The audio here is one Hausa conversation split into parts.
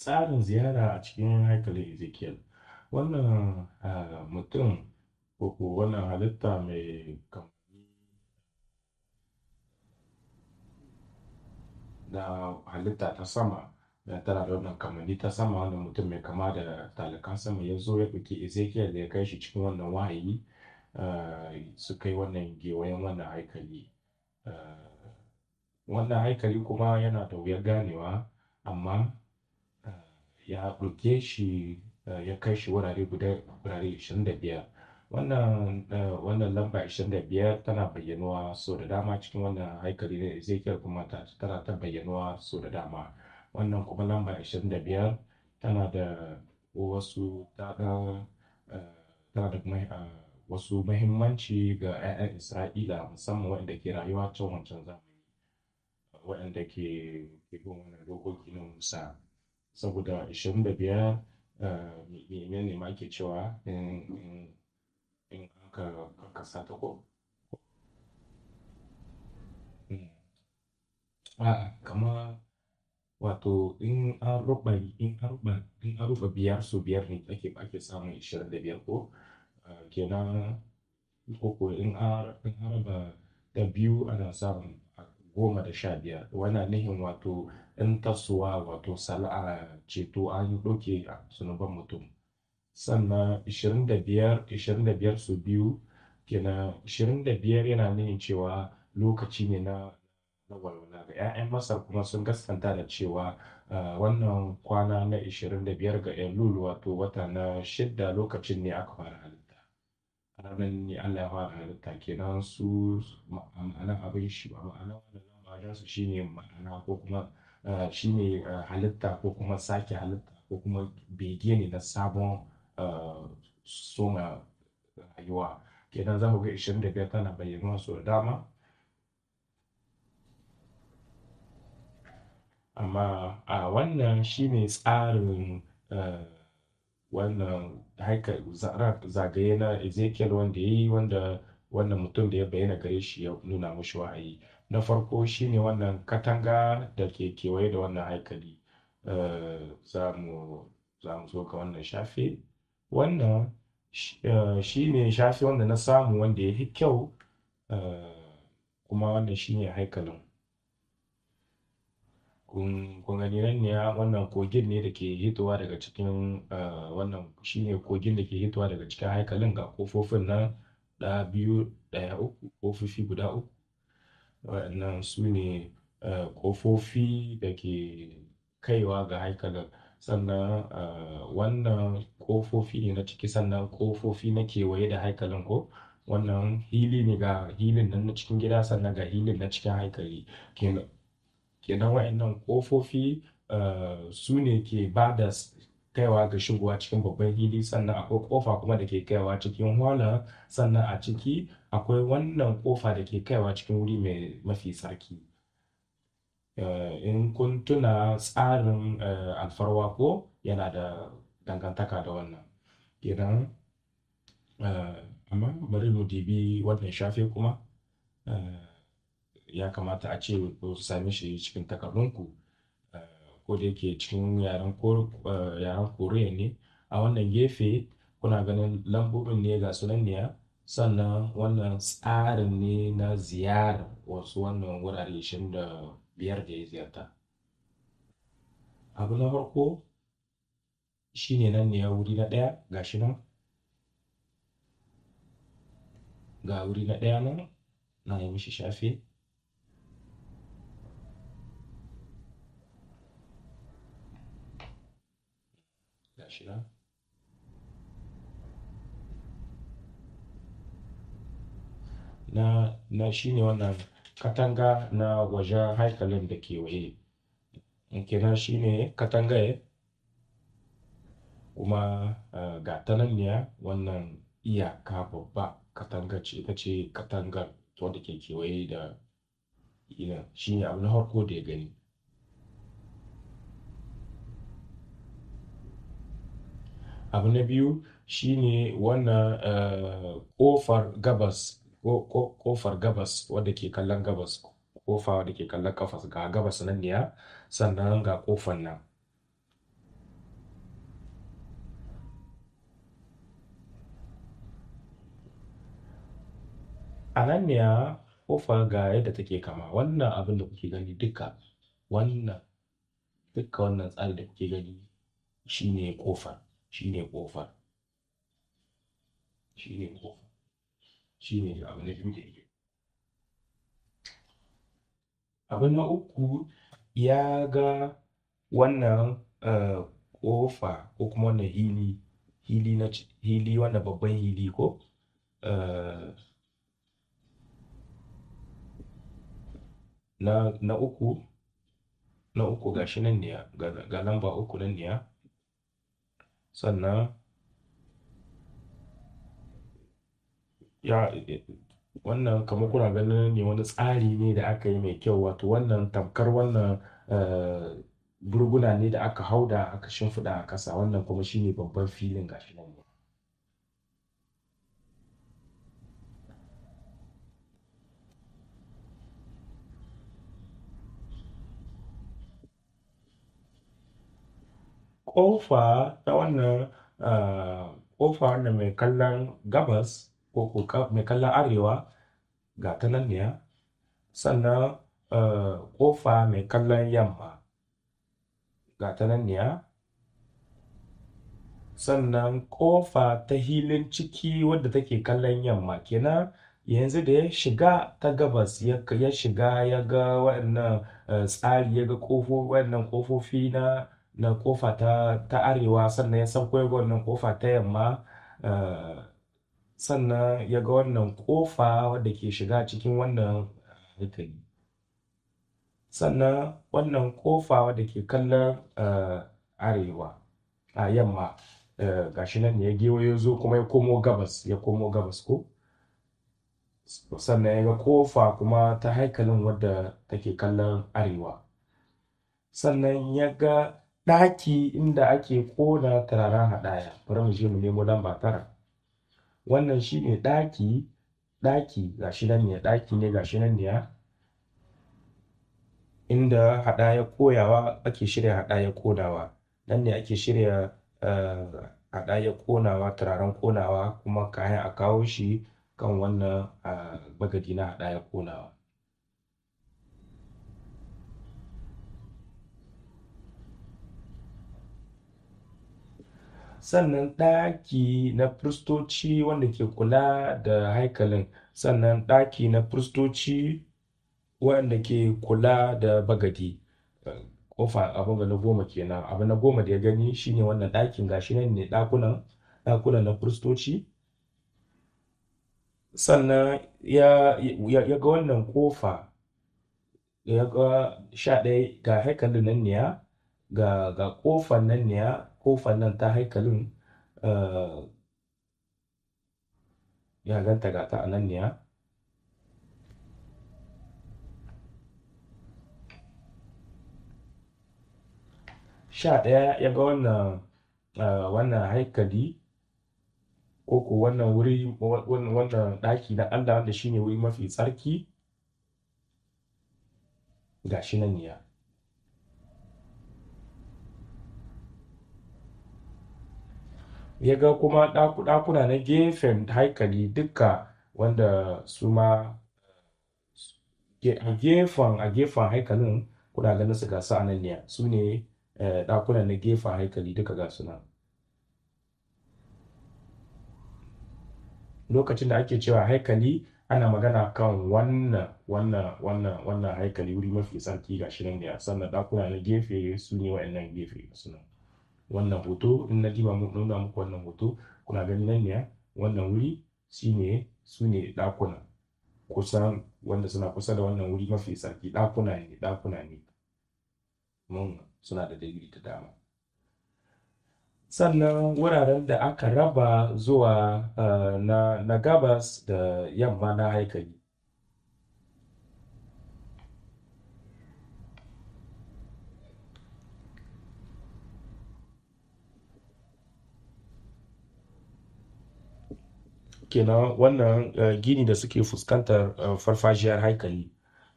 tsarin ziyara a cikin haikalin Ezekiel. Wannan ah, mutum ko wannan halitta mai kamanni da halitta ta sama tana da wannan kamanni ta sama wannan mutum mai kama da talakan sama ya zo ya ɗauki Ezekiel da ya kai shi cikin wannan wahayi ah, su kai wannan gewayen wannan haikali. Ah, wannan haikali kuma yana da wuyar ganewa amma ya ɗauke shi eh, ya kai shi wurare guda wurare 25 wannan eh, wannan lamba 25 tana bayyanuwa sau da dama cikin wannan haikali na Ezekiel kuma tana ta bayyanuwa sau da dama wannan kuma lamba 25 tana da wasu eh, tana da kuma wasu mahimmanci ga 'ya'yan Isra'ila musamman waɗanda ke rayuwa can wancan zamani waɗanda ke bin wani dokoki na Musa saboda 25 eh, menene ma ke cewa in ka kasa ta ko A'a, hmm. kama wato in an ruba in in biyar su biyar ne ake ake samun ishirin da biyar ko kenan ko in an raba da biyu ana samun goma da sha biyar wannan nihin wato Ɗan tasowa wato sana'a ceto an doke ɗauke zunuban mutum sannan ishirin da biyar biyu kenan ishirin da biyar yana nuna cewa lokaci ne na na walwala ga 'ya'yan masar kuma sun gaskanta da cewa wannan kwana na ishirin da biyar ga elul wato wata na shidda lokacin ne aka fara halitta ranar ne allah ya fara halitta kenan su ma'ana abin shi Ma'ana wannan lamba su shine ma'ana ko kuma shine halitta ko kuma sake halitta ko kuma bege ne na sabon soma rayuwa kenan za ku ga 25 tana bayyana su da dama amma a wannan shine tsarin wannan haika zagaye na ezekiel wanda ya yi wanda wannan mutum da ya bayyana gare shi ya nuna mashi wa'ayi na farko shine wannan katanga da ke kewaye da wannan haikali eh, za mu zo ga wannan shafe wannan eh, shi ne shafe wanda na samu wanda ya fi kyau eh, kuma wannan shi ne haikalin kun nan ne wannan kogin ne da ke hitowa daga cikin wannan shi ne kogin da ke hitowa daga cikin haikalin ga kofofin nan ɗaya biyu ɗaya uku kofofi guda uku Waɗannan su ne eh, ƙofofi da ke kaiwa ga haikalin. Sannan eh, wannan ƙofofi ne na ciki sannan ƙofofi na kewaye da haikalin ko. Wannan hili ne ga hilin nan na cikin gida sannan ga hilin na cikin haikali kenan. Kenan waɗannan ƙofofi eh, su ne ke ba da kaiwa ga shigowa cikin babban hili sannan akwai ƙofa kuma da ke kaiwa cikin hwala sannan a ciki akwai wannan ƙofa da ke kaiwa cikin wuri mai mafi tsarki eh, in kun tuna tsarin eh, alfarwa ko yana da dangantaka da wannan idan eh, amma bari mu dibi wannan shafe kuma ya kamata a ce ku same shi cikin takardunku ko da yake cikin yaren koriya ne a wannan gefe kuna ganin lambobin ne ga sunan ne sannan wannan tsarin ne na ziyarar wasu wannan wurare ishirin da biyar da ya ziyarta abu na farko shine nan ne ya wuri na ɗaya ga shi nan ga wuri na ɗaya nan na yi mishi shafe ga shi nan na na shine wannan katanga na wajen haikalin da kewaye kenan shine katangaye kuma ga ta nan ne wannan iyaka babba katanga ce ita ce katangar wadda ke kewaye da ina shine abu na farko da ya gani abu na biyu shine wannan ƙofar gabas kofar gabas wadda ke kallon gabas kofa wadda ke kallon kafas ga gabas nan ne sannan ga kofar nan a nan ne kofa ga yadda take kama wannan abin da kuke gani duka wannan duka wannan tsari da kuke gani shine kofar shine kofar shine kofar shi ne abu na biyu da yake abu na uku ya ga wannan kofa eh, ko kuma wannan hili hili na hili wannan babban hili ko eh, na na uku na uku gashi nan ne ga lamba uku nan ne sannan ya eh, wannan kamar kuna ganin ne wani tsari ne da aka yi mai kyau wato wannan tamkar wannan burguna eh, ne da aka hau da aka shimfiɗa a ƙasa wannan kuma shine babban filin gashi nan ne ƙofa ta wannan eh, ƙofa wanda mai kallon gabas ko mai kallon arewa ga ta nan niya sannan eh, kofa mai kallon yamma ga ta nan niya sannan kofa ta hilin ciki wadda take kallon yamma kenan yanzu da ya shiga ta gabas ya shiga ya ga waɗannan eh, tsari ya ga waɗannan kofofi na na kofa ta, arewa sannan ya san kwaiwa wannan kofa ta yamma eh, sannan ya ga wannan ƙofa wadda ke shiga cikin wannan haikali sannan wannan ƙofa wadda ke kallon eh, arewa a yamma eh, Ga shi nan ya ya zo kuma ya komo gabas ya komo gabas ko sannan ya ga ƙofa kuma ta haikalin wadda take kallon arewa sannan ya ga ɗaki inda ake kona turaren haɗaya bari mu je mu nemo lamba tara wannan shi ne ɗaki ɗaki ga shi nan ne ɗaki ne ga shi nan ne inda haɗaya koyawa ake shirya haɗayar ƙonawa nan ne ake shirya eh, haɗaya ƙonawa turaren ƙonawa kuma kayan a kawo shi kan wannan bagadi eh, na haɗayar ƙonawa sannan ɗaki na firistoci wanda ke kula da haikalin sannan ɗaki na firistoci wanda ke kula da bagadi kofa abu na goma kenan abu na goma da ya gani shine wannan ɗakin gashi nan ne ɗakunan ɗakunan na firistoci sannan ya, ya, ga wannan kofa ya ga sha ɗaya ga haikalin nan ne ga ga kofan nan ne kofar nan ta haikalin eh, ya ganta ga ta a nan ne sha ɗaya ya ga wannan eh, wannan haikali ko ko wannan wuri wannan ɗaki na Allah wanda shine wuri mafi tsarki ga shi nan ya ya ga kuma ɗakuna na gefen haikali duka wanda su ma eh, a gefen a gefen haikalin kuna ganin su gasu a nan su ne eh, ɗakuna na gefen haikali duka gasu nan lokacin da ake cewa haikali ana magana kan wannan wannan wannan wannan haikali wuri mafi tsarki ga nan ne sannan ɗakuna na gefe su ne wa'annan gefe suna. nan wannan hoto in na diba nuna muku wannan hoto kuna gani nan ne wannan wuri shine su ne ɗakuna kusan wanda suna kusa da wannan wuri mafi tsarki ɗakuna ne ɗakuna ne mun suna da digiri ta dama sannan wuraren da aka raba zuwa eh, na gabas da yamma na haikali kenan wannan eh, gini da suke fuskantar eh, farfajiyar haikali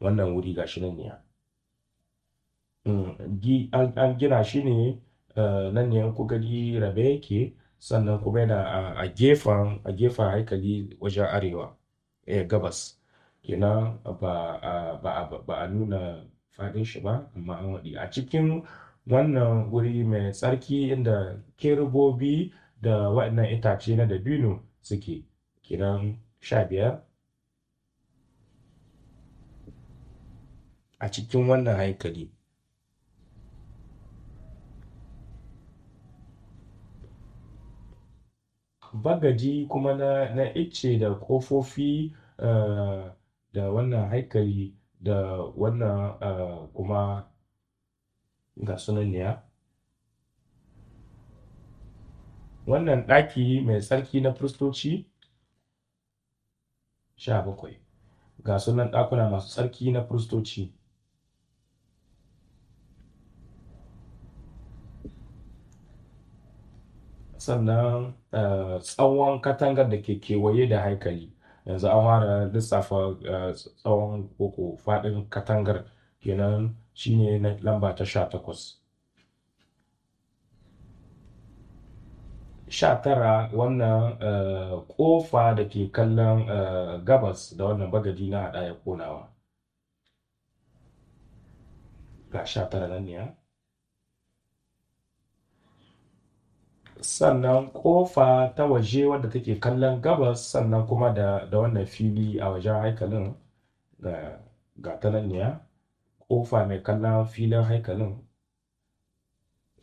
wannan wuri shi nan ne mm, an gina shi ne eh, nan ne ku gani rabe yake sannan kuma yana a gefen a gefen haikali wajen arewa eh gabas kenan ba a nuna faɗin shi ba amma an waɗi a cikin wannan wuri mai tsarki inda kerubobi da waɗannan itace na dabino suke kenan sha biyar a cikin wannan haikali bagaji kuma na, na icce da ƙofofi uh, da wannan haikali da wannan uh, kuma ga sunanniya wannan ɗaki mai tsarki na firistoci 17 ga sunan ɗakuna masu tsarki na firistoci sannan eh, tsawon katangar da ke kewaye da haikali yanzu an fara lissafa eh, tsawon koko faɗin katangar kenan shine lamba ta sha takwas 19 wannan kofa eh, da ke kallon eh, gabas da wannan bagaji na haɗa ya konawa ga 19 nan ne sannan kofa ta waje wadda take kallon gabas sannan kuma da, da wannan fili a wajen haikalin ga, ta nan ne kofa mai kallon filin haikalin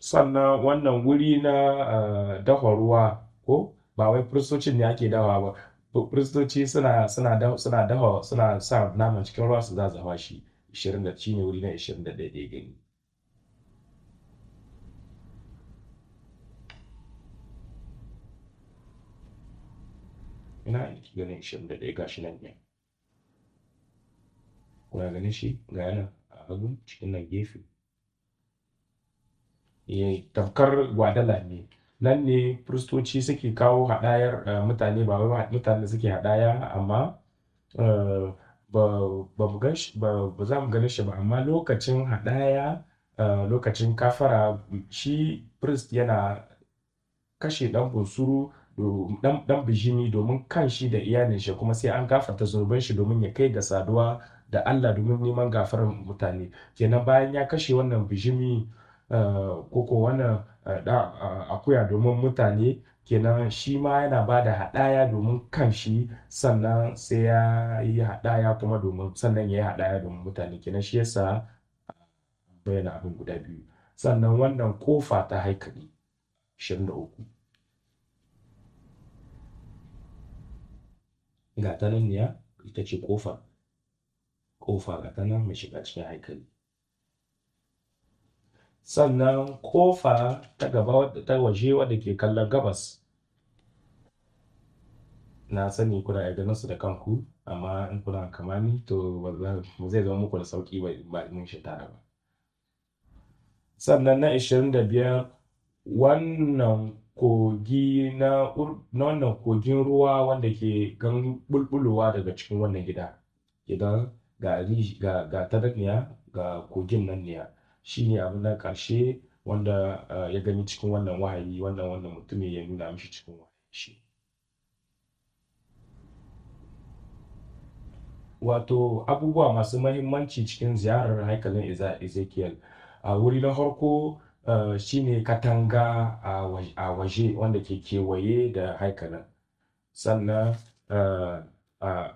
sannan wannan wuri na eh, dafa ruwa ko ba wai firistocin ne ake dawa ba firistoci suna suna suna suna sa naman cikin ruwa su zazzafa shi 20 shi ne wuri na 21 da ya gani ina ki ganin ɗaya gashi nan ne kuna ganin shi ga yana a hagu cikin nan gefe Eh, tamkar gwadala ne nan ne firistoci suke kawo hadayar eh, mutane ba wai mutane suke hadaya amma eh, ba mu za mu shi ba amma lokacin hadaya lokacin kafara shi firist yana kashe dan bunsuru dan bijimi domin kan shi da iyalin shi kuma sai an gafarta zunuban shi domin ya kai ga saduwa da Allah domin neman gafarar mutane kenan bayan ya kashe wannan bijimi Eh, koko wannan eh, eh, akuya domin mutane kenan shi ma yana ba da haɗaya domin kan shi sannan sai ya yi haɗaya kuma domin sannan ya yi haɗaya domin mutane kenan shi yasa bayyana abin guda biyu sannan wannan kofa ta haikali 23 ga ta nan ya ita ce kofa kofa ga ta nan mai shiga cikin haikali sannan ƙofa ta gaba ta waje wadda ke kallon gabas na sani kuna iya ganin da kanku amma in kuna kamani to ba zai zama muku da sauki ba mun shi tare ba sannan na 25 wannan kogi na wannan kogin ruwa wanda ke gan bulbulowa daga cikin wannan gida idan ga ga ga kogin nan ne shine abu nan ƙarshe wanda eh, ya gani cikin wannan wahayi wanda wannan mutumin ya nuna mishi cikin wahayi shi wato abubuwa masu mahimmanci cikin ziyarar haikalin ezekiel a wuri na farko eh, shine katanga a waje wanda ke kewaye da haikalin sannan eh,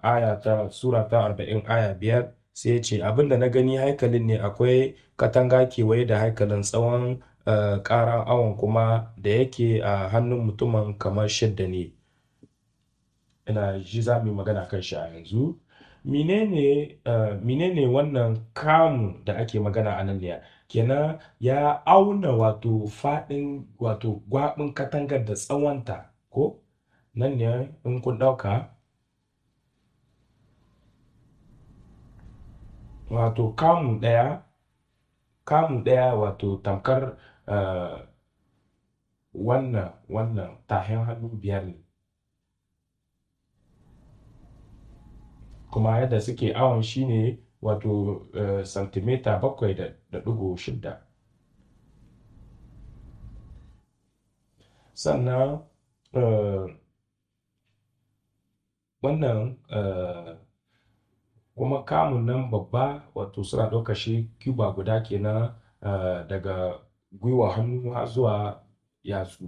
aya ta sura ta arba'in aya biyar sai ya ce abin na gani haikalin ne akwai katanga kewaye da haikalin tsawon eh, ƙaran awon kuma da yake a hannun mutumin kamar shidda ne ina ji za mu yi magana kan shi a yanzu menene eh, ne wannan kamu da ake magana a nan kenan ya auna wato faɗin wato gwaɓin katangar da tsawonta ko nan ne in kun ɗauka wato kamu ɗaya kamu ɗaya wato tamkar uh, wannan wannan tahin hannu biyar ne kuma yadda suke awon shi ne wato santimita eh, bakwai da ɗigo shidda sannan uh, wannan uh, kuma kamun nan babba wato suna ɗaukar shi cuba guda kenan eh, daga gwiwa hannu zuwa yatsu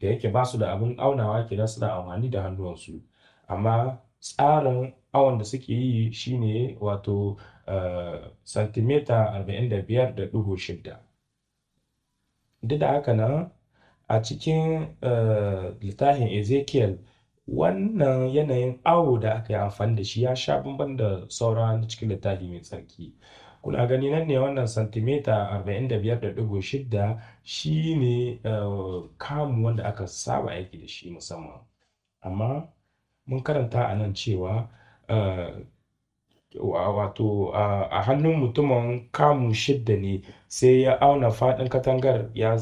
da yake ba su da abin aunawa kenan suna amfani da hannuwansu amma tsarin awon da suke yi shine wato eh, santimeta 45.6 duk da haka nan a cikin eh, littafin ezekiel wannan yanayin awo da aka yi amfani da shi ya sha bamban da saura na cikin littafi mai tsarki kuna gani nan ne wannan santimita 45.6 shi ne eh, kamu wanda aka saba aiki da shi musamman amma mun karanta a nan cewa eh, wato a hannun mutumin kamu shidda ne sai ya auna faɗin katangar ya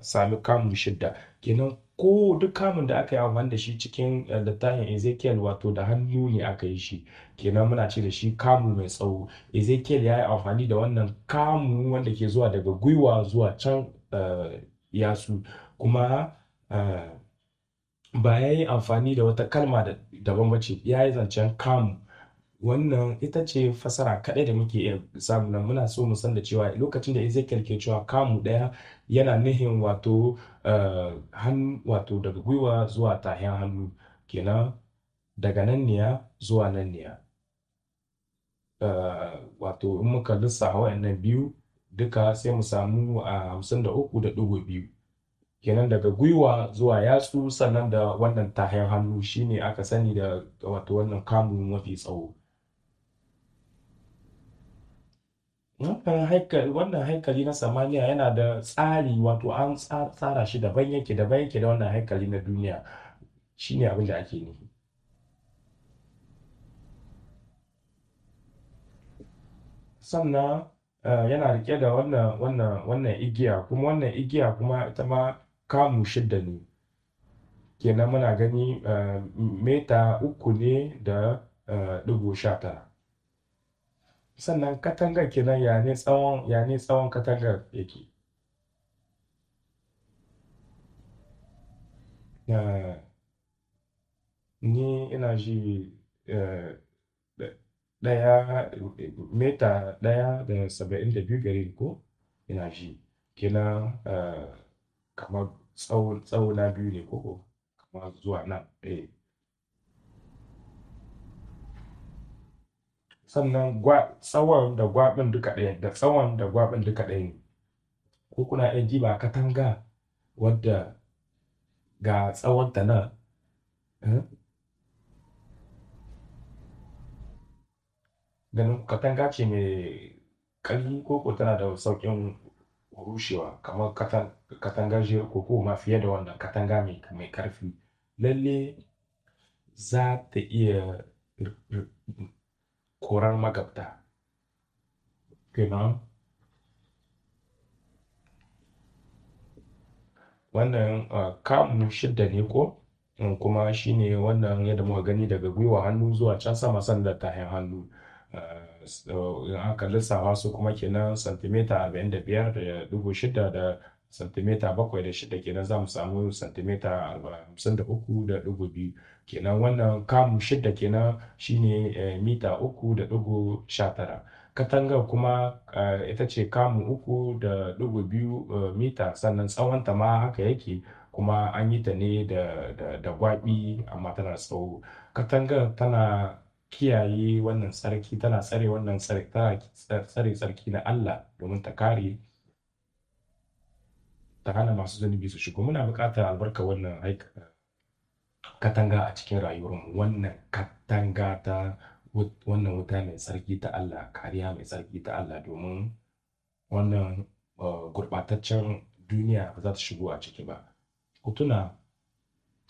sami kamu shidda kenan ko duk kamun da aka yi amfani da shi cikin eh, littafin Ezekiel wato da hannu ne aka yi shi kenan muna ce da shi kamu mai tsawo Ezekiel ya yi amfani da wannan kamu wanda ke zuwa daga gwiwa zuwa can eh, yasu kuma eh, ba ya yi amfani da wata kalma da bace ya yi zancen kamu Wannan ita ce fasara kaɗai da muke iya samu nan muna so mu san da cewa lokacin da Ezekiel ke cewa kamu ɗaya yana nihin wato eh, hannu wato daga gwiwa zuwa tahiyan hannu kenan daga nan niya zuwa nan niya. Eh, wato in muka lissafa wa'annan biyu duka sai mu samu a eh, hamsin da uku da ɗigo biyu kenan daga gwiwa zuwa yatsu sannan da wannan tahiyan hannu shine aka sani da wato wannan kamu mafi tsawo Wannan haikali, wannan haikali na samaniya yana da tsari wato an tsara shi daban yake daban yake da wannan haikali na duniya shine abin da ake nufi. Sannan eh, yana rike da wannan wannan wannan igiya kuma wannan igiya kuma ita ma kamu shidda ne kenan muna gani eh, mita uku ne da eh, ɗigo sha tara. sannan katangar kenan ya ne tsawon ya ne tsawon katangar yake ni ina ji eh, ɗaya mita ɗaya da saba'in da biyu gari ko ina ji kenan eh, kamar tsawo na biyu ne ko kamar zuwa nan eh sannan tsawon da gwabin duka ɗaya da tsawon da gwabin duka ɗaya ne ko kuna iya jiba katanga wadda ga tsawon ta nan eh? ganin katanga ce mai ƙarfi koko tana da sauƙin rushewa kamar katangar ko koko ma fiye da wannan katanga mai ƙarfi lalle za ta iya korar magabta kenan wannan kamun shidda ne ko kuma shine wannan yadda muka gani daga gwiwa hannu zuwa can sama sanda tahin hannu in aka lissawa su kuma kenan santimita 45 da shidda da santimita bakwai da shida kenan za mu samu santimita hamsin da uku da ɗigo biyu kenan wannan kamu shida kenan shine eh, mita uku da ɗigo sha tara katangar kuma eh, ita ce kamu uku da ɗigo biyu eh, mita sannan tsawonta ma haka yake kuma an yi ta ne da gwaɓi amma tana tsawo katangar tana kiyaye wannan tsarki tana tsare wannan tsare tsarki na allah domin ta kare ta hana masu zunubi su shigo muna buƙatar albarka wannan katanga a cikin rayuwarmu wannan katanga ta wannan wuta mai tsarki ta Allah kariya mai tsarki ta Allah domin wannan uh, gurɓataccen duniya ba za ta shigo a ciki ba kutuna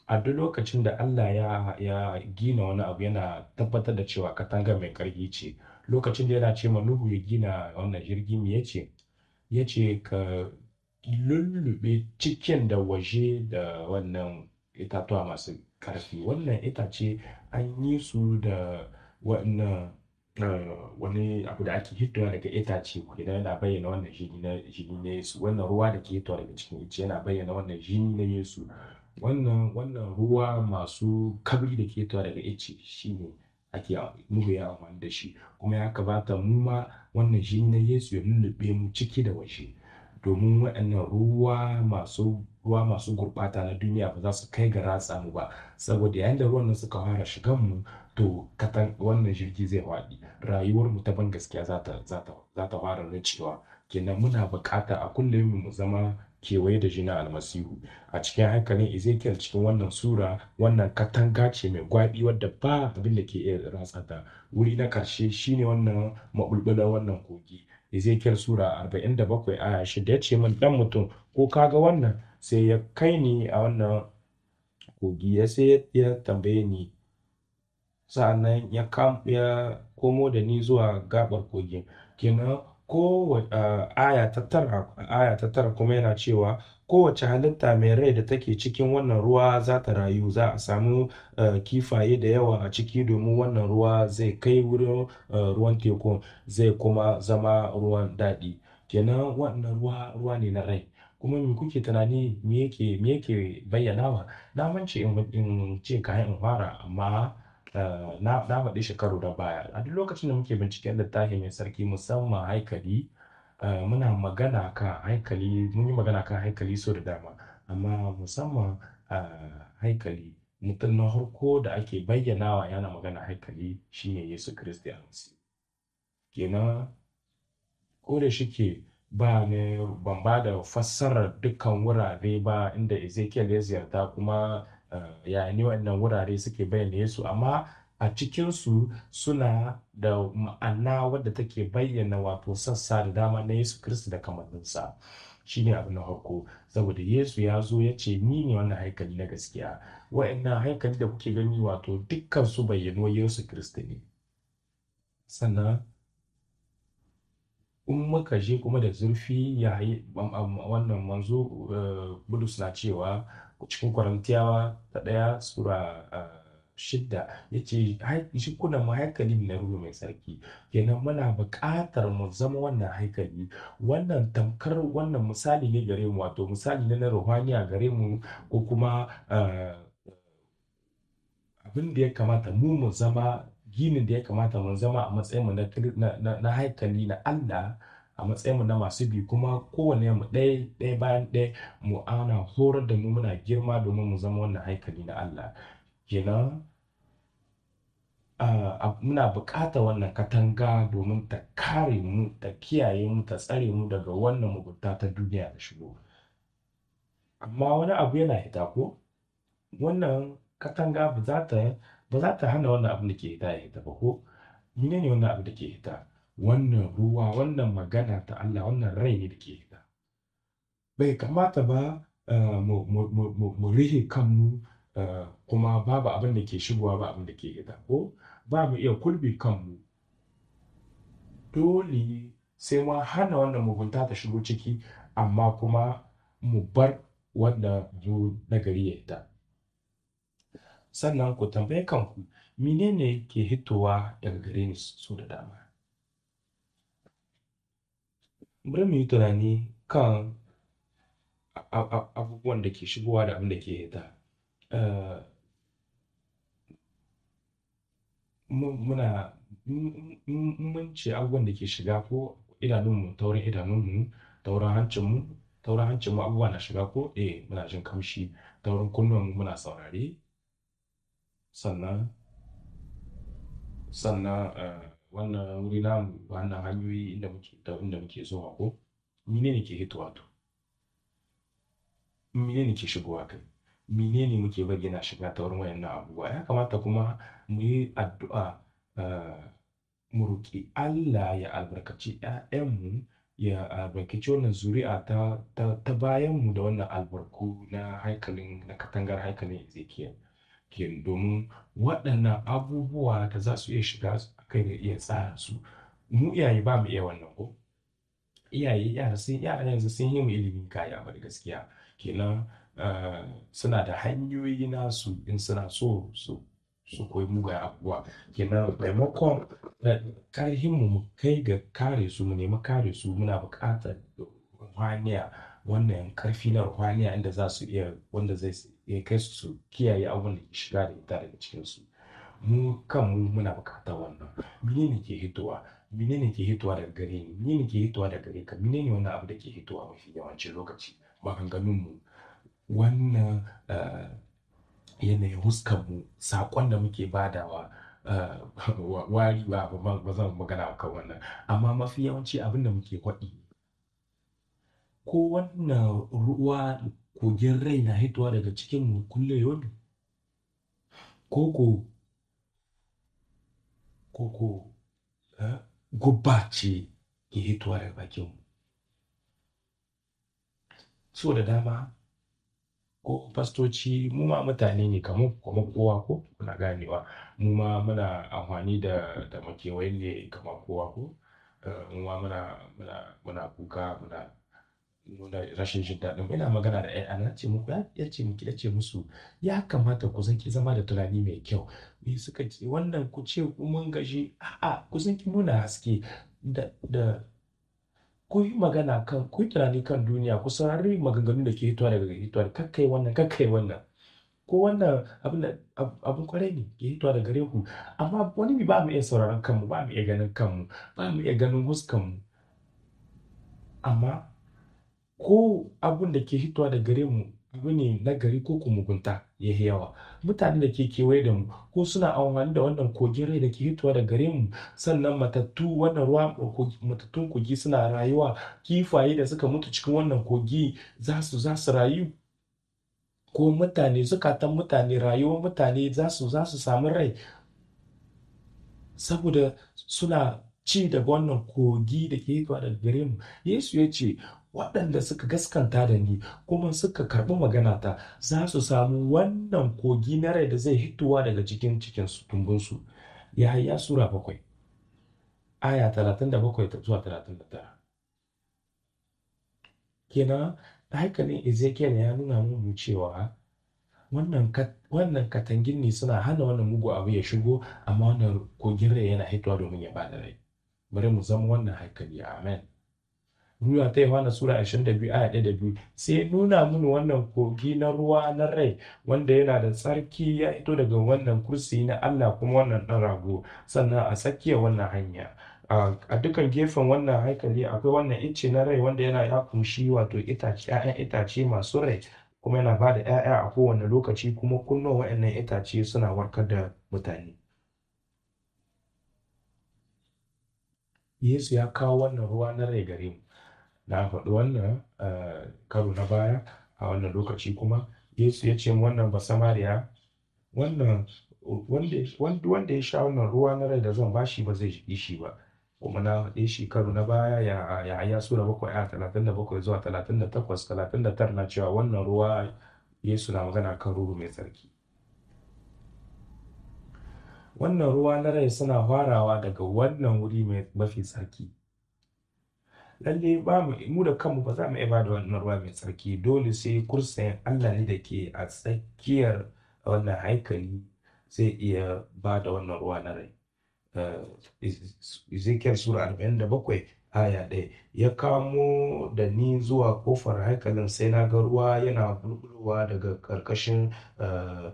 a duk lokacin da Allah ya ya gina wani abu yana tabbatar da cewa katanga mai ƙarfi ce lokacin da yana ce ma Nuhu ya gina wannan jirgi me yace yace ka lullube cikin da waje da wannan itatuwa masu ƙarfi wannan itace an yi su da wannan eh, wani abu da ake hitowa daga itace idan yana bayyana wannan jini na Yesu wannan ruwa da ke hitowa daga cikin ice yana bayyana wannan jini na Yesu wannan wannan ruwa masu kabri da ke hitowa daga ice shine ake muhu ya amfani da shi kuma ya kamata mu ma wannan jini na Yesu ya lullube mu ciki da waje domin waɗannan ruwa masu ruwa masu gurɓata na duniya ba za su kai ga ratsa mu ba saboda yayin da ruwan suka fara shigan mu to katan wannan jirgi zai faɗi rayuwar mu ta ban gaskiya za ta za ta za ta fara rancewa. kenan muna buƙata a kullum mu zama kewaye da jina almasihu a cikin hankalin ezekiel cikin wannan sura wannan katanga ce mai gwabi wadda ba abin da ke iya ratsa ta wuri na ƙarshe shine wannan maɓulɓular wannan kogi Ezekiel Sura 47 aya 6 ya ce min dan mutum ko ga wannan sai ya kai ni a wannan kogi ya sai ya tambaye ni sa'annan ya ya komo da ni zuwa gabar kogin kenan ko aya ta aya ta tara kuma yana cewa kowace halitta mai rai da take cikin wannan ruwa za ta rayu za a samu eh, kifaye da yawa a ciki domin wannan ruwa zai kai wurin eh, ruwan teku zai kuma zama ruwan daɗi kenan wannan ruwa ruwa ne na rai kuma me kuke tunani me yake me yake bayyanawa na mance in ce kayan in fara amma eh, na faɗi shekaru da baya a duk lokacin da muke binciken littafi mai sarki musamman haikali amuna eh, muna magana kan haikali mun yi magana kan haikali sau da dama amma musamman eh, haikali mutum na harko da ake bayyanawa yana magana haikali shine Yesu Kiristi almasihu kenan ko da shike ba ne ban ba da fassarar dukkan wurare ba inda Ezekiel ya ziyarta kuma uh, ya nan wurare suke bayyana Yesu amma a cikinsu suna da ma'ana wadda take bayyana wato sassa da dama na Yesu Kiristi da kamanninsa shine abu na harko saboda Yesu ya zo ya ce ni ne wannan haikali na gaskiya wa'annan haikali da kuke gani wato dukkan su bayyano Yesu Kiristi ne sannan in muka je kuma da zurfi ya yi wannan manzo eh, bulus na cewa cikin kwarantiyawa ta ɗaya sura eh, shidda ya ce shikunan mu haikali na ruhu mai tsarki kenan muna buƙatar mu zama wannan haikali wannan tamkar wannan misali ne gare mu wato misali ne na ruhaniya gare mu ko kuma eh, abin da ya kamata mu mu zama ginin da ya kamata mu zama a matsayinmu na haikali na Allah a matsayinmu na masu bi kuma kowane mu ɗaya ɗaya bayan ɗaya mu ana horar da mu muna girma domin mu zama wannan haikali na Allah you know ah, ah, muna buƙatar wannan katanga domin ta kare mu ta kiyaye mu ta tsare mu daga wannan mugunta ta duniya da shigo amma wani abu yana hita ko wannan katanga ba za ta ba za ta hana wannan abin da ke hita ya hita ba ko mene ne wannan abin da ke hita wannan ruwa wannan magana ta Allah wannan rai ne da ke hita bai kamata ba ah, mu rihe kanmu Eh, kuma babu abin da ke shigowa ba abin da ke fita ko ba mu iya kulbi kanmu dole sai mun hana wannan mugunta ta shigo ciki amma kuma mu bar wanda mu nagari ya ita sannan ku tambaye kanku menene ke hitowa daga gare ni so da dama bari mu yi tunani kan abubuwan da ke shigowa da abin da ke hita muna mun ce abubuwan da ke shiga ko idanunmu ta wurin idanunmu ta wurin hancinmu ta wurin hancinmu abubuwa na shiga ko eh muna jin kamshi taurin kunnuwan muna saurare sannan sannan eh, wannan wuri na wannan hanyoyi inda muke da inda muke zuwa ko menene ke hitowa to menene ke shigowa kai menene muke bari yana shiga ta wurin wayannan abubuwa ya kamata kuma mu yi addu'a eh, mu roƙi Allah ya albarkaci ƴaƴanmu ya albarkaci wannan zuri'a ta, ta, mu bayanmu da wannan albarku na haikalin na katangar haikalin Ezekiel domin waɗannan abubuwa da za su iya shiga kai da iya tsara su mu iyaye ba mu iya wannan ko iyaye yara sun yara yanzu sun yi mu ilimi kaya ba da gaskiya kenan Eh, suna da hanyoyi nasu in suna so su koyi mugayen abubuwa kenan maimakon eh, karhin mu mu kai ga kare su mu nemi kare su muna buƙatar ruhaniya wannan karfi na ruhaniya inda za su iya wanda zai iya kai su su kiyaye abin da shiga da ita daga cikin su mu kanmu muna buƙatar wannan menene ke hitowa menene ke hitowa daga gare ni menene ke hitowa daga gare ka menene wannan abu da ke hitowa mafi yawancin lokaci maganganun mu wannan eh, yanayin mu saƙon da muke badawa eh, wari ba ba zan magana a kan wannan amma mafi yawanci abin da muke kwaɗi ko wannan ruwa kogin rai na hitowa daga cikin mu kulle ko ko ko eh, gubba ce ke hitowa daga bakin mu so da dama ko fastoci mu ma mutane ne kamar kuma kowa ko kuna ganewa mu ma muna amfani da da makewayi ne kamar kowa ko eh, mu ma muna muna muna kuka muna nuna rashin jin daɗin ina magana da ƴaƴa na ce muku ya ce muku ya ce musu ya kamata ku zanki zama da tunani mai kyau me suka ce wannan ku ce mun gaji a'a ku zanki nuna haske da da ku yi magana kan ku yi tunani kan duniya ku saurari maganganun da ke hitowa daga hitowa kakkai wannan kakkai wannan ko wannan abin kwarai ne ke hitowa daga gare ku amma wani bi ba mu iya sauraron kanmu ba mu iya ganin kanmu ba mu iya ganin huskanmu amma ko abin da ke hitowa daga gare mu abu ne na gari ko kuma mugunta ya yi yawa Mutane da ke kewaye da mu ko suna amfani da wannan kogin rai da ke hitowa da gare mu sannan matattu wannan ruwa matattun kogi suna rayuwa kifaye da suka mutu cikin wannan kogi za su za su rayu ko mutane zukatan mutane rayuwar mutane za su za su samu rai saboda suna ci daga wannan kogi da ke hitowa da gare mu yesu ya ce waɗanda suka gaskanta da ni kuma suka karɓi maganata za su samu wannan kogi na rai da zai hituwa daga cikin cikin tumbunsu haya sura bakwai aya 37 zuwa 39 kenan ta haikalin ezekiel ya nuna mu cewa wannan katangin ne suna hana wannan mugu abu ya shigo amma wannan kogin rai yana hituwa domin ya bada rai bari mu zama wannan haikali amen nuna ta Yohana Sura 22 aya 1 da 2 sai nuna mini wannan kogi na ruwa na rai wanda yana da tsarki ya ito daga wannan kursi na Allah kuma wannan ɗan rago sannan a tsakiyar wannan hanya a dukkan gefen wannan haikali akwai wannan ice na rai wanda yana ya kunshi wato itace 'ya'yan itace masu rai kuma yana ba da 'ya'ya a kowane lokaci kuma kunnuwan wa'annan itace suna warkar da mutane Yesu ya kawo wannan ruwa na rai gare mu na faɗi wannan eh, karo na baya a wannan lokaci kuma yesu ya ce wannan samariya. wannan wanda ya sha wannan ruwa na rai da zan bashi ba zai ji shi ba kuma na haɗe shi karo na baya ya ya sura bakwai a talatin da bakwai zuwa talatin da takwas talatin da tara na cewa wannan ruwa yesu na magana kan ruru mai tsarki wannan ruwa na rai suna farawa daga wannan wuri mafi tsarki lalle ba mu mu da kanmu ba za mu iya da wannan ruwa mai tsarki dole sai kursayen Allah ne da ke a tsakiyar wannan haikali zai iya ba da wannan ruwa na rai eh, Ezekiel Sura 47 aya ɗaya ya kamo da ni zuwa kofar haikalin sai na ga ruwa yana bulbulowa daga ƙarƙashin eh,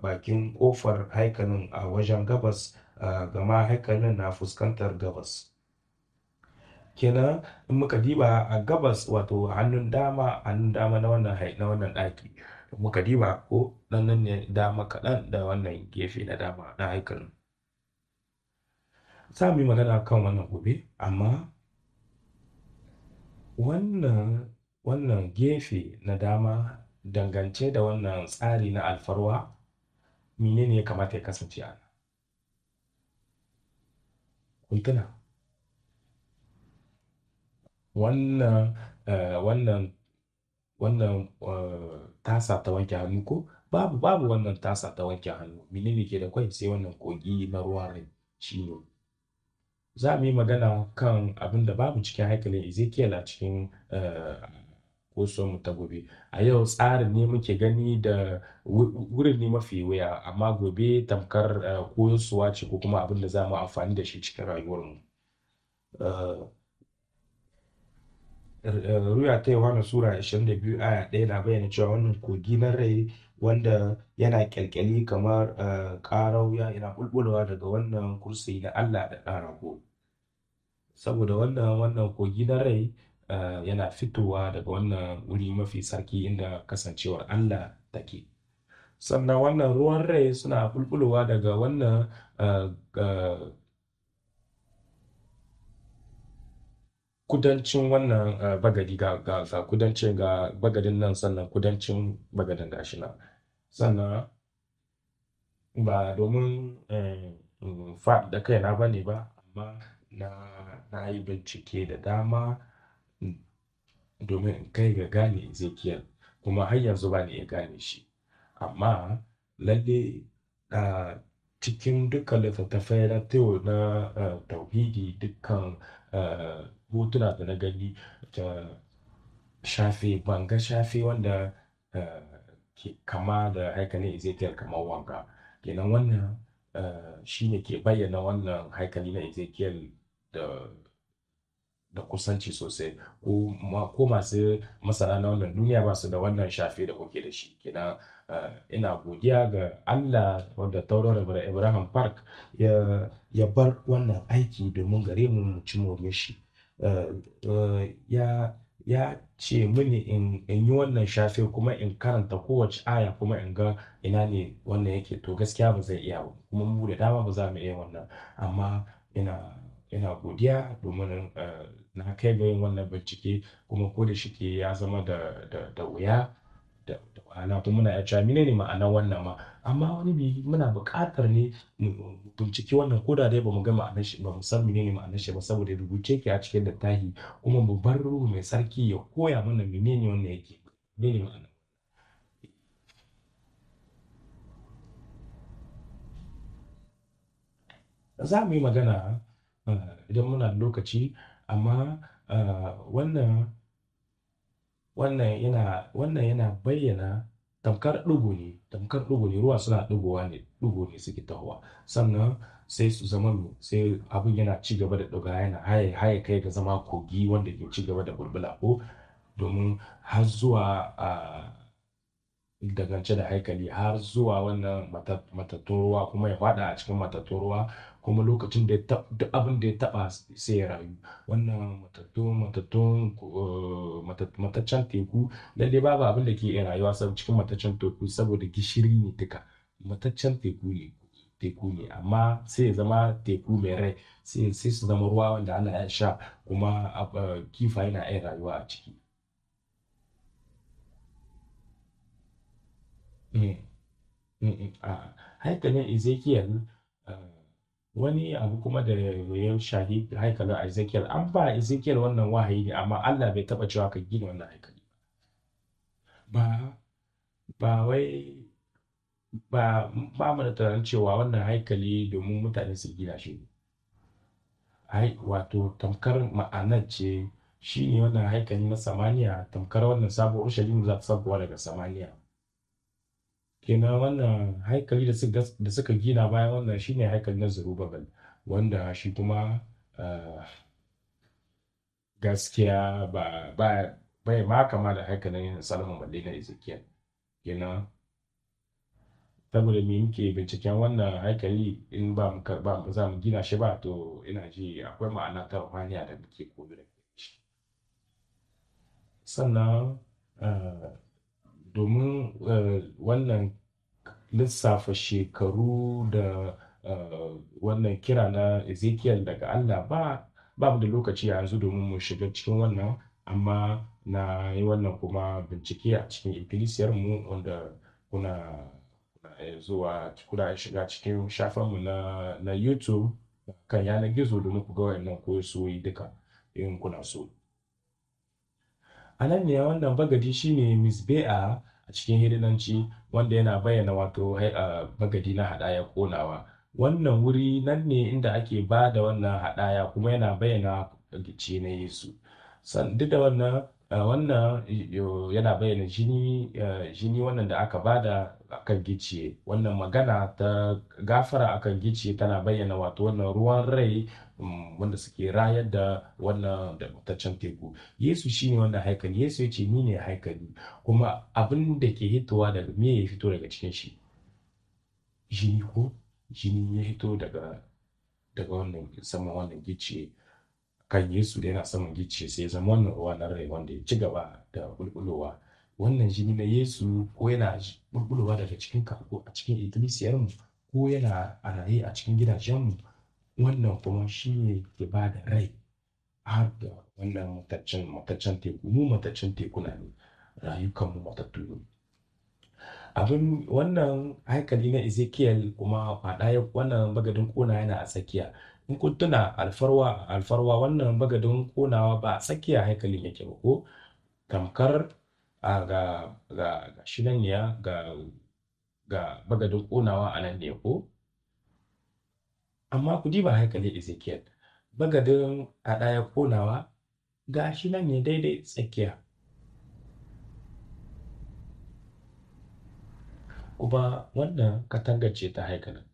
bakin kofar haikalin a wajen gabas eh, gama haikalin na fuskantar gabas kenan in muka diba a gabas wato hannun dama hannun dama na wannan na wannan daki muka diba ko nan nan ne dama kaɗan da wannan gefe na dama na haikalin za mu yi magana kan wannan gobe amma wannan wannan gefe na dama dangance da wannan tsari na alfarwa menene ya kamata ya kasance a nan Eh, wannan, wannan, wannan, eh, tasa ta wanke hannu ko? Babu, babu wannan tasa ta wanke hannu. Menene ke da kwai? Sai wannan kogi na ruwa rai shi ne. Za mu yi magana kan abin da babu cikin haikalin Ezekiel a cikin, eh, mu ta gobe. A yau tsarin ne muke gani da wurin ne mafi wuya, amma gobe tamkar, eh, ce ko kuma abin da za mu amfani da shi cikin rayuwarmu. Eh, ruya ta yohana sura 22 aya ɗaya na bayyana cewa wannan kogi na rai wanda yana kyalkyali kamar karauya eh, yana bulbulwa daga wannan kursi na allah da ɗan rago saboda wannan wannan kogi na rai eh, yana fitowa daga wannan wuri mafi sarki inda kasancewar allah take sannan wannan ruwan rai suna bulbulowa daga wannan eh, kudancin wannan eh, bagadi ga, ga, kudancin ga bagadin nan sannan kudancin bagadin gashi na sannan ba domin um, da kaina ba ne ba amma na, yi bincike da dama domin in kai ga gane Ezekiel kuma har yanzu ba ne ya gane shi amma lalle a eh, cikin duka littattafai na teo na tauhidi dukkan hotuna da na gani da shafe banga shafe wanda eh, ke kama da haikalin Ezekiel kamar wanga kenan wannan eh, shine ke bayyana wannan haikali na Ezekiel da kusanci sosai ko masu masana na wannan duniya ba su da wannan shafe da kuke da shi kenan eh, ina godiya ga Allah wanda taurar Ibrahim Park ya bar wannan aiki domin gare mu mu ci shi Eh, eh, ya ya ce mini in yi wannan shafe kuma in karanta kowace aya kuma in ga ina ne wannan yake to gaskiya ba zai iya ba kuma mu da dama ba za mu iya wannan amma ina ina godiya domin eh, na kai ga yin wannan bincike kuma ko da shike ya zama da da wuya da wahala kuma muna iya cewa menene ma'anar wannan ma amma wani bi muna buƙatar ne mu binciki wannan ko da dai mu ga ma'anar shi ba mu san menene ma'anar shi ba saboda rubuce ke a cikin littafi kuma mu bar ruhu mai sarki ya koya mana menene wannan yake menene ma'ana za mu yi magana eh, idan muna da lokaci amma eh, wannan wannan yana bayyana tamkar ɗigo ne tamkar ɗigo ne ruwa suna ɗigowa ne ɗigo ne suke tahowa sannan sai su zama mu sai abin yana ci gaba da ɗiga yana haye haye kai ga zama kogi wanda ke ci gaba da bulbula ko domin har zuwa a dangance da haikali har zuwa wannan matattun ruwa kuma ya faɗa a cikin matattun ruwa kuma lokacin da duk abin da ya taba sai ya rayu wannan matattun eh, mataccen teku lalle babu abin da ke iya rayuwa saboda cikin mataccen teku saboda gishiri ne duka mataccen teku ne teku ne amma sai ya zama teku mai rai sai su zama ruwa wanda ana ya sha kuma eh, kifaye na iya rayuwa a ciki mm, mm, mm, haikalin ezekiel eh, wani abu kuma da ya shafi haikalin Ezekiel an ba Ezekiel wannan wahayi ne amma Allah bai taba cewa ka gina wannan haikali ba ba wai ba ba mu da tunanin cewa wannan haikali domin mutane su gina shi ne ai wato tamkar ma'anar ce shine wannan haikali na samaniya tamkar wannan sabuwar Urushalima za ta sabuwa daga samaniya Kenan wannan haikali da suka gina bayan wannan shi ne haikali na Zerubbabel, wanda shi kuma, eh, gaskiya ba ba da haikalin salomon balle na Ezekiel. Kenan saboda muke binciken wannan haikali in ba mu ka ba za mu gina shi ba, to ina ji akwai ma'ana ta ruhaniya da muke koyo da shi. Sannan, eh, domin eh, wannan lissafa shekaru da eh, wannan kira na Ezekiel daga Allah ba ba mu da lokaci yanzu domin mu shiga cikin wannan amma na yi wannan kuma bincike a cikin ikkilisiyar mu wanda kuna zuwa kuna shiga cikin shafanmu na na YouTube kan yanar gizo domin ku ga wayannan koyosoyi duka in kuna so. A nan ne wannan bagadi shine bea a cikin hidinanci, wanda yana bayyana wato eh, bagadi na hadaya konawa Wannan wuri nan ne inda ake ba da wannan hadaya kuma yana bayyana ce na Yesu. Duk da wannan Eh, wannan yana bayyana jini eh, jini wannan da aka bada akan gicciye wannan magana ta gafara akan gicciye tana bayyana wato wannan ruwan rai mm, wanda suke rayar da wannan mataccen teku yesu shine wannan haikali yesu ya ce ni ne haikali kuma abin da ke hitowa daga me ya fito daga cikin shi jini ko jini ya hito daga daga wannan saman wannan gicciye kan Yesu da yana saman gicce sai zama wannan ruwa na rai wanda ya ci gaba da bulbulowa wannan jini na Yesu ko yana bulbulowa daga cikin karko a cikin mu ko yana a raye a cikin gidajenmu wannan kuma shi ne ke ba da rai har da wannan mataccen mataccen teku mu mataccen tekuna ne rayukanmu matattu abin wannan haikali na ezekiel kuma faɗa wannan bagadin kona yana a tsakiya in kun tuna alfarwa alfarwa wannan bagadin konawa ba a tsakiya haikalin yake ba ko tamkar a ga ga ga shi ya ga ga bagadin konawa a nan ne ko amma ku diba haikalin Ezekiel bagadin a ɗaya konawa ga shi nan ne daidai tsakiya kuma wannan katangar ce ta haikalin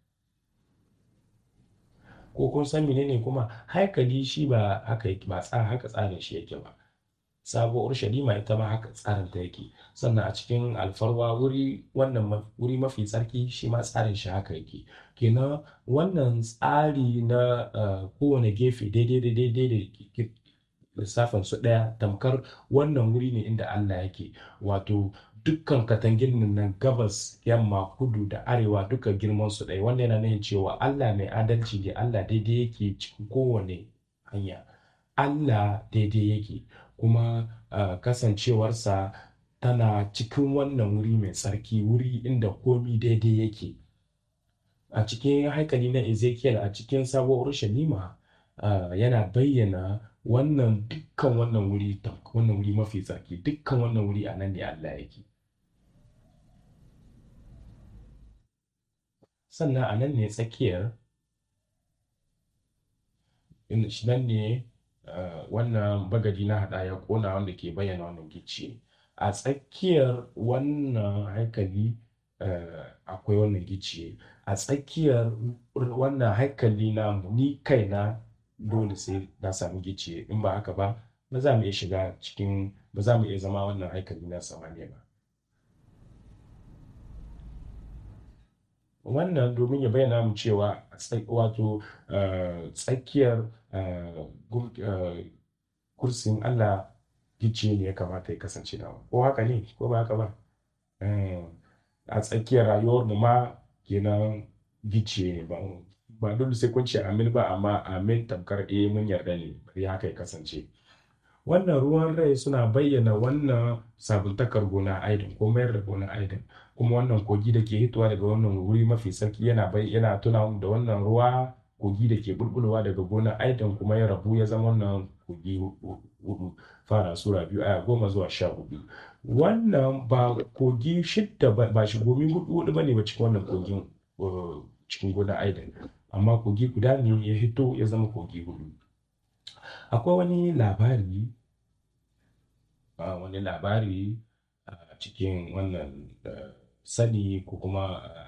ko kun san menene kuma haikali shi ba haka ba tsara haka tsarin shi yake ba sabuwar urshalima ita ma haka tsarin ta yake sannan a cikin alfarwa wuri wannan wuri mafi tsarki shi ma tsarin shi haka yake kenan wannan tsari na eh, kowane gefe daidai daidai daidai lissafin su ɗaya tamkar wannan wuri ne inda Allah yake wato dukkan katangin nan gabas yamma kudu da arewa duka girman su ɗaya wannan yana nuna cewa Allah mai adalci ne Allah daidai yake cikin kowane hanya Allah daidai yake kuma kasancewarsa tana cikin wannan wuri mai tsarki wuri inda komi daidai yake a cikin haikali na Ezekiel a cikin sabuwar Urushalima yana bayyana wannan dukkan wannan wuri wannan wuri mafi tsarki dukkan wannan wuri a nan ne Allah yake sannan a nan ne tsakiyar nan ne eh, wannan bagadi na hada ya kona wanda ke bayyana wannan gicci a tsakiyar wannan haikali eh, akwai wannan gicci a tsakiyar wannan haikali na ni kaina dole sai na sami gicci in ba haka ba ba za mu iya shiga cikin ba za mu iya zama wannan haikali na samaniya ba wannan domin ya bayyana mu cewa wato eh, tsakiyar eh, eh, kursin Allah gice ne ya kamata ya kasance nawa ko haka ne ko ba haka ba a tsakiyar rayuwar mu ma kenan gice ne ba ba dole sai kun ce amin ba amma amin tamkar eh mun yarda ne bari haka ya kasance wannan ruwan rai suna bayyana wannan sabuntakar gona aidin ko mayar da gona aidin kuma wannan kogi da ke hitowa daga wannan wuri mafi sarki yana yana tuna da wannan ruwa kogi da ke bulbulowa daga gona aidin kuma ya rabu ya zama wannan kogi hudu fara sura biyu aya goma zuwa sha hudu wannan ba kogi shidda ba shi gomi hudu hudu ne ba cikin wannan kogin uh, cikin gona aidin amma kogi guda ne ya hito ya zama kogi hudu Akwai wani labari, a wani labari a cikin wannan sani ko kuma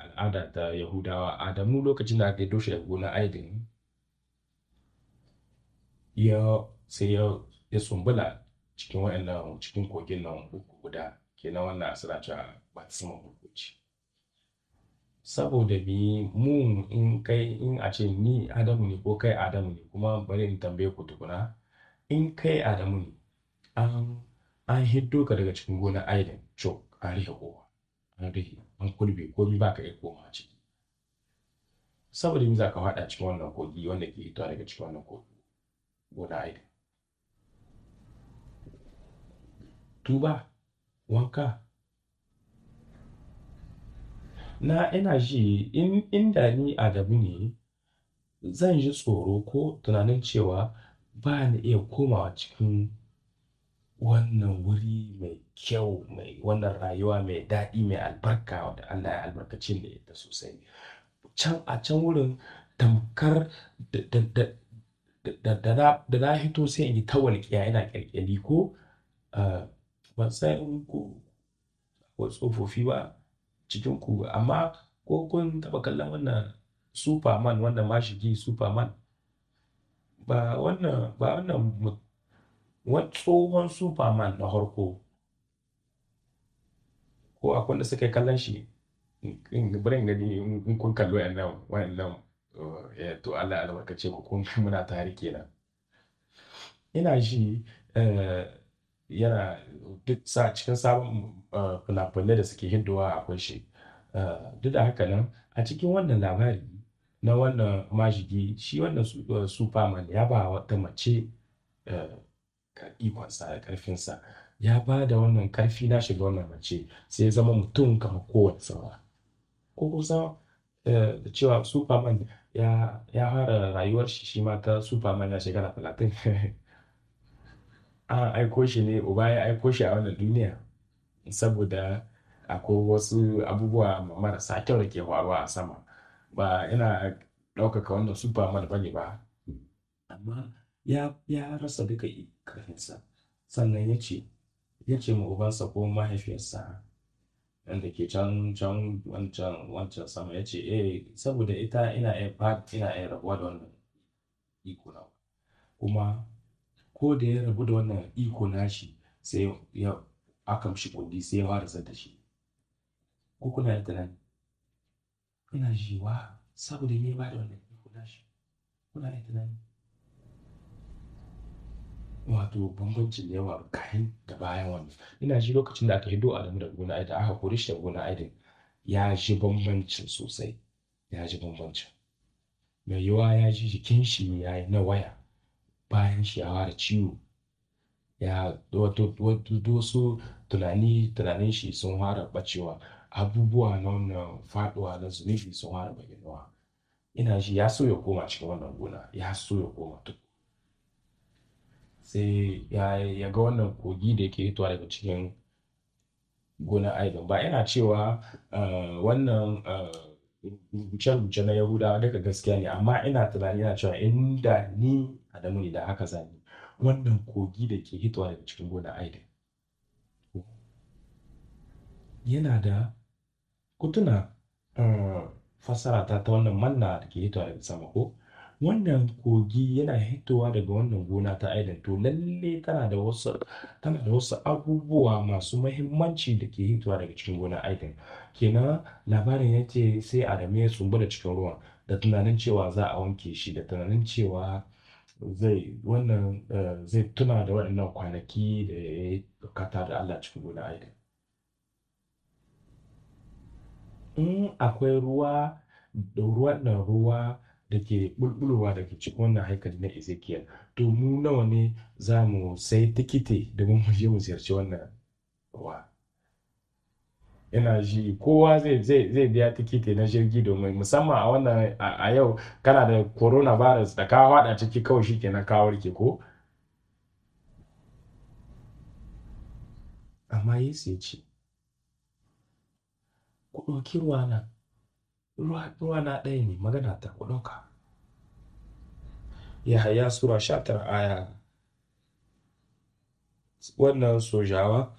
al'ada ta Yahudawa. Adamu lokacin da aka yi shi gona gonar ya sai ya sumbula cikin waɗannan cikin kogin nan uku guda kenan wannan suna cewa baptismal Saboda me mu in kai in a ce ni Adamu ne ko kai Adamu ne kuma bari in tambaye ku tukuna in kai Adamu ne an an hiddo ka daga cikin gonar Aidan co an rihe kowa an rihe an kulbe komi ba ka yi koma ce. Saboda mi za ka faɗa cikin wannan kogi wanda ke hito daga cikin wannan kogi gonar Aidan. Tuba wanka na ina ji in inda ni adamu ne zan ji tsoro ko tunanin cewa ba ni iya komawa cikin wannan wuri mai kyau mai wannan rayuwa mai daɗi mai albarka wadda Allah ya albarkace ni da sosai can a can wurin tamkar da na hito sai in yi ta walƙiya ina ƙyalƙyali ko ah, ban san ko tsofaffi ba cikin ku amma ko kun taɓa kallon wannan superman wannan mashigi superman ba wannan ba wannan tsohon superman na harko ko akwai wanda suka yi kallon shi birin gani in kun kallo yannan wannan eh, eh, to Allah albarkace ku kun muna tare kenan ina shi yana duk sa cikin sabon eh, fina-finai da suke hinduwa a kunshi eh, duk da haka nan a cikin wannan labari na wannan mashigi shi wannan eh, superman ya ba wata mace ikonsa da karfinsa ya ba da wannan karfi na shiga wannan mace sai ya zama mutum kamar kowace sawa ko kusa da cewa superman ya fara rayuwar shi shi mata ta superman ya shekara talatin an aiko shi ne uba ya aiko shi a wannan duniya saboda akwai wasu abubuwa marasa kyau da ke faruwa a sama ba ina ɗaukaka wannan superman ba ne ba amma ya rasa duka ikarfinsa sannan ya ce ya ce ma ubansa ko mahaifiyarsa wanda ke can can wancan wancan sama ya ce eh saboda ita ina iya ina iya rabuwa da wannan iko na kuma ko da ya rabu da wannan iko nashi sai ya aka mishi kundi sai ya fara zata shi ko kuna yadda nan? ina ji wa saboda me ba da wannan iko nashi kuna yadda nan? wato bambancin da yawa kayan da bayan wannan ina ji lokacin da aka hido do'a da gona aida aka kori shi da gona aida ya ji bambancin sosai ya ji bambancin mai yiwa ya ji jikin shi ya yi na waya bayan shawa da ciwo ya wato wasu tunani tunanin shi sun fara bacewa abubuwa na wannan faduwa na zunubi sun fara bayyanawa, ina shi ya so ya koma cikin wannan gona ya so ya koma duk sai ya ga wannan kogi da yake hitowa daga cikin gona aidan ba yana cewa eh, wannan eh, rubuce-rubuce na yahudawa daga gaskiya ne amma ina tunani yana cewa inda ni Adamu ne da haka zani wannan kogi da ke hitowa daga cikin gona Aidan. Yana da kutuna eh, fassara ta ta wannan manna da ke hitowa daga sama ko wannan kogi yana hitowa daga wannan gona ta Aidan to lalle tana da wasu tana da wasu abubuwa masu mahimmanci da ke hitowa daga cikin gona Aidan kenan labarin ya ce sai Adamu ya tsumbu cikin ruwan da tunanin cewa za a wanke shi da tunanin cewa zai eh, zai tuna da waɗannan kwanaki da ya yi bukata da Allah cikin guda aikin in akwai ruwa da wannan ruwa da ke bulbulowa daga cikin wannan haikali na Ezekiel to mu nawa ne za mu sai tikiti da mu je mu ziyarci wannan ruwa ina ji kowa zai zai biya tikiti na jirgi domin musamman a wannan a yau kana da coronavirus da ka wada ciki kawai ke na kawar ke ko amma yi sai ce ku ɗauki ruwa na ruwa na ɗaya ne magana ta ku ɗauka haya sura sha tara aya wannan sojawa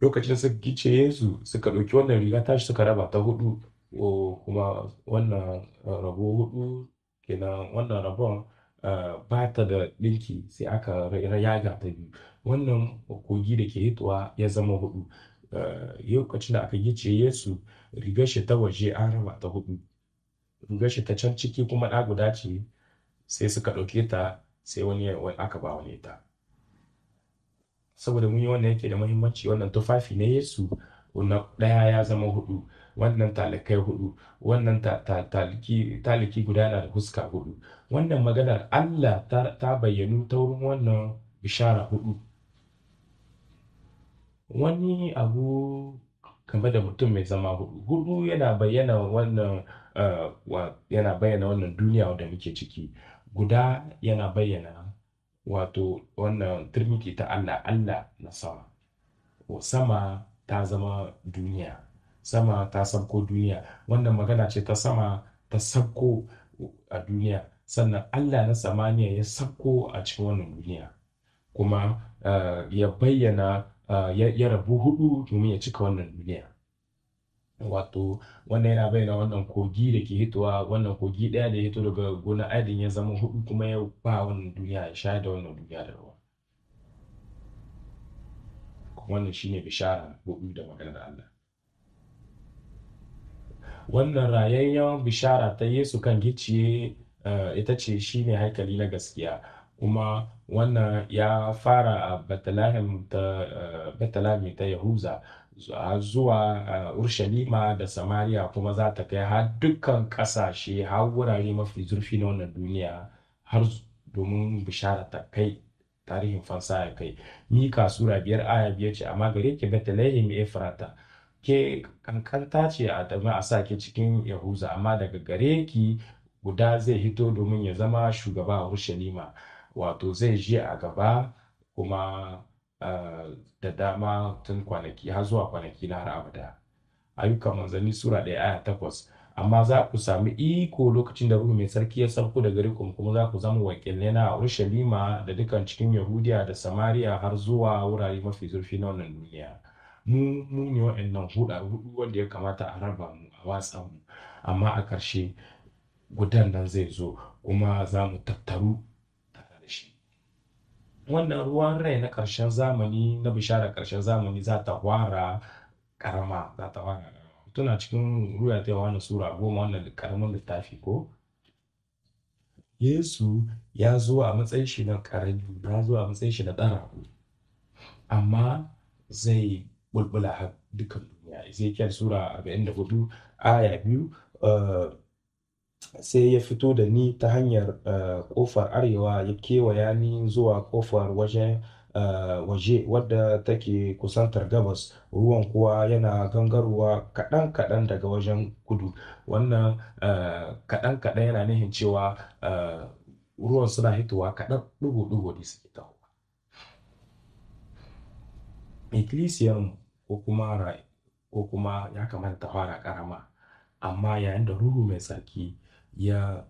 Lokacin suka gice su, suka ɗauki wannan riga tashi suka raba ta huɗu, ko kuma wannan eh, rabo huɗu kenan wannan rabon, bata eh, ba ta da ɗinki sai aka yaga ta biyu. Wannan kogi da ke hitowa ya zama hudu eh, lokacin da aka gice su, rigar shi ta waje an raba ta huɗu, rigar shi ta can ciki kuma ɗa guda ce, sai suka ɗauke ta sai wani aka ba wani ta. saboda mun yi wannan yake da muhimmanci wannan tufafi na Yesu na ɗaya ya zama hudu wannan talikai hudu wannan taliki guda na da huska hudu wannan maganar Allah ta bayyanu ta wurin wannan bishara hudu wani abu kamar da mutum mai zama hudu hudu yana bayyana wannan eh, yana bayyana wannan duniya da muke ciki guda yana bayyana wato wannan trinity ta Allah Allah na sama sama ta zama duniya sama ta sauko duniya wannan magana ce ta sama ta sauko a duniya sannan Allah na samaniya ya sauko a cikin wannan duniya kuma eh, ya bayyana eh, ya rabu hudu domin ya cika wannan duniya wato wannan yana bayyana wannan kogi da ke hitowa wannan kogi ɗaya da ya hito daga gona adin ya zama hudu kuma ya ba wannan duniya ya sha da wannan duniya da ruwa wannan shine bishara hudu da maganar Allah wannan rayayyen bishara ta Yesu kan gicciye eh, ita ce shine haikali na gaskiya kuma wannan ya fara a Bethlehem eh, ta Yahuza zuwa urushalima da samariya kuma za ta kai har dukkan kasashe har wurare mafi zurfi na wannan duniya har domin bishara ta kai tarihin fansa ya kai mika sura biyar aya biyar ce amma gare ki betlehem efrata ke kankanta ce a dama a sa ke cikin yahuza amma daga gare ki guda zai hito domin ya zama shugaba a urushalima wato zai je a gaba kuma Eh, da dama tun kwanaki har zuwa kwanaki na har abada ayyukan manzanni sura ɗaya aya takwas amma za ku sami iko lokacin da ruhu mai sarki ya sauko da gari kuma za ku zama wakilai na urushalima da dukkan cikin yahudiya da samariya har zuwa wurare mafi zurfi na wannan duniya mu mu ne wa'annan huda hudu wanda ya kamata a raba mu a watsa mu amma a ƙarshe gudan nan zai zo kuma za mu tattaru wannan ruwan rai na ƙarshen zamani na bishara karshen zamani za ta wara karama za ta wara tuna cikin ruwa ta wani sura goma wannan karamin littafi ko yesu ya zo a matsayin shi na ƙarami ya zo a matsayin shi na ɗan amma zai bulbula dukkan duniya ezekiel sura 44 aya biyu eh, sai ya fito da ni ta hanyar eh, ƙofar arewa ya kewaya ni zuwa ƙofar wajen eh, waje wadda take kusantar gabas ruwan kuwa yana gangarowa kaɗan-kaɗan daga wajen kudu wannan kaɗan-kaɗan eh, yana nihin cewa ruwan suna hitowa kaɗan ɗigo-ɗigo ne suke ta ko kuma ko kuma ya kamata ta fara ƙarama amma yayin da ruhu mai tsarki ya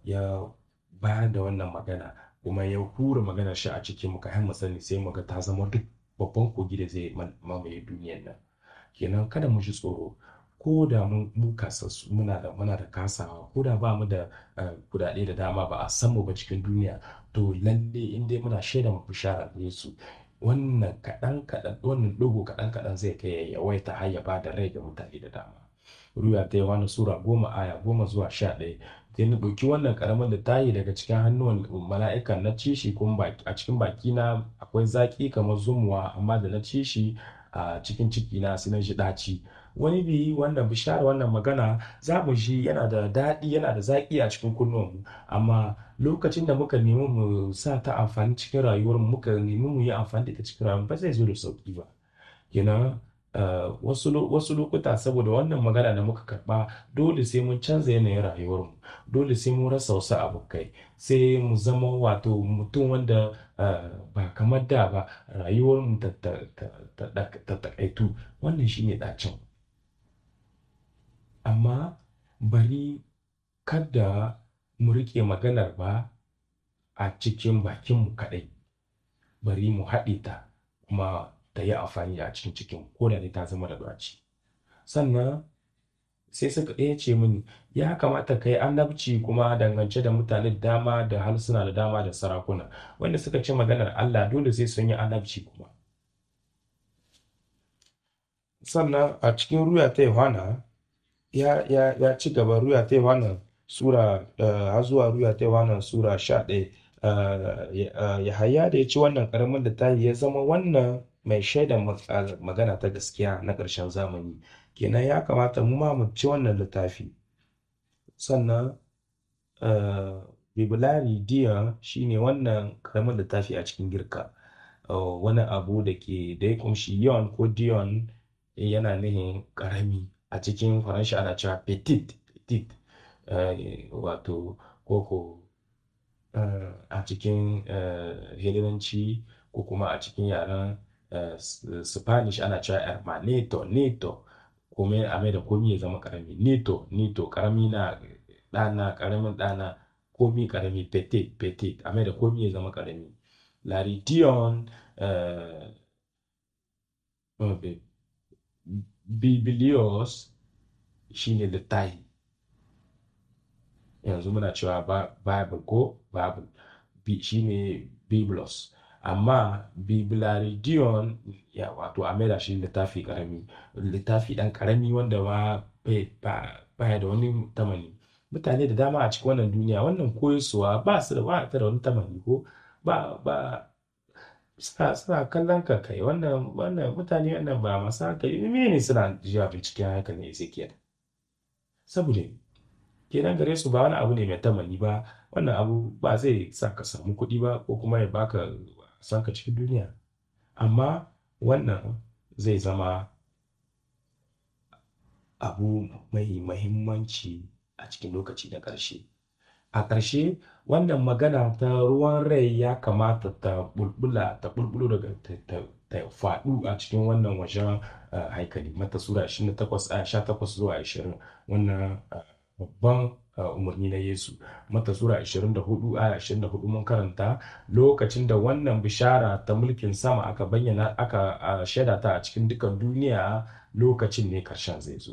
bayar da wannan magana kuma ya hura magana shi a cikin mu kayan mu sani sai mu ta zama duk babban kogi da zai mamaye duniyar nan kenan kada mu ji tsoro ko da mu kasassu muna da muna da kasawa ko da ba mu da eh, kudade da dama ba a san mu ba cikin duniya to lalle in dai muna shaida mu bishara ne su wannan kadan kadan wannan dogo kaɗan kadan zai kai ya yawaita har ya ba da rai ga mutane da dama ruya ta yohana sura goma aya goma zuwa sha ɗaya sai na ɗauki wannan ƙaramin yi daga cikin hannun mala'ika na ci shi a cikin baki na akwai zaƙi kamar zumuwa amma da na ci shi a cikin ciki na sai na ji ɗaci wani bi wanda bishara wannan magana za mu ji yana da daɗi yana da zaƙi a cikin mu amma lokacin da muka nemi mu sa ta amfani cikin rayuwar muka nemi mu yi amfani da ita cikin rayuwar ba zai zo da sauƙi ba kenan Eh, wasu lokuta saboda wannan magana da muka karba dole sai mun canza yanayin rayuwarmu dole sai mun rasa wasu abokai sai mu zama wato mutum wanda eh, ba kamar da ba rayuwarmu ta takaitu wannan shine dacin amma bari kada mu rike maganar ba a cikin bakinmu kaɗai bari mu haɗe ta kuma ta yi amfani a cikin cikin ko ta zama da ɗaci sannan sai suka ɗaya ce mini ya kamata ka yi annabci kuma dangance da mutane dama da halsuna da dama da sarakuna wanda suka ce maganar Allah dole zai sun yi annabci kuma sannan a cikin ruya ta Yohana ya, ci gaba ruya ta Yohana sura eh, har zuwa ruya ta Yohana sura 11 eh, eh, Yahaya da ya ci wannan karamin da ta yi ya zama wannan mai shaidan magana ta gaskiya na ƙarshen zamani kenan ya kamata mu ma mu ci wannan littafi sannan bibulari diya shine wannan karamin littafi a cikin girka wani abu da ke da ya kumshi yon ko dion yana nihin karami a cikin faransha ana cewa petit wato koko a cikin helenanci ko kuma a cikin yaren Eh, spanish ana cewa erma neto neto kuma a mai da komi ya zama karami neto neto karami na ɗana karamin ɗana komi karami petit petit a mai da komi ya zama karami la region eh, oh, bibilios shine littafi yanzu muna cewa bible ko bible shine biblos amma biblaridion ya wato a maida shi littafi karami littafi dan karami wanda ba baya da wani tamani mutane da dama a cikin wannan duniya wannan koyosuwa ba su da ba da wani tamani ko ba ba suna kallon ka kai wannan wannan mutane wannan ba masu hankali ne suna jiya binciken haka ne Ezekiel saboda kenan gare su ba wani abu ne mai tamani ba wannan abu ba zai sa ka samu kuɗi ba ko kuma ya baka saka cikin duniya amma wannan zai zama abu mai mahimmanci a cikin lokaci na ƙarshe a ƙarshe wannan magana ta ruwan rai ya kamata ta bulbula ta bulbulo daga ta faɗu a cikin wannan wajen eh, haikali mata sura 28 zuwa 20 wannan eh, babban umarni na Yesu. Mata Sura 24 aya 24 mun karanta lokacin da wannan bishara ta mulkin sama aka bayyana aka shaida a cikin dukan duniya lokacin ne karshen zai zo.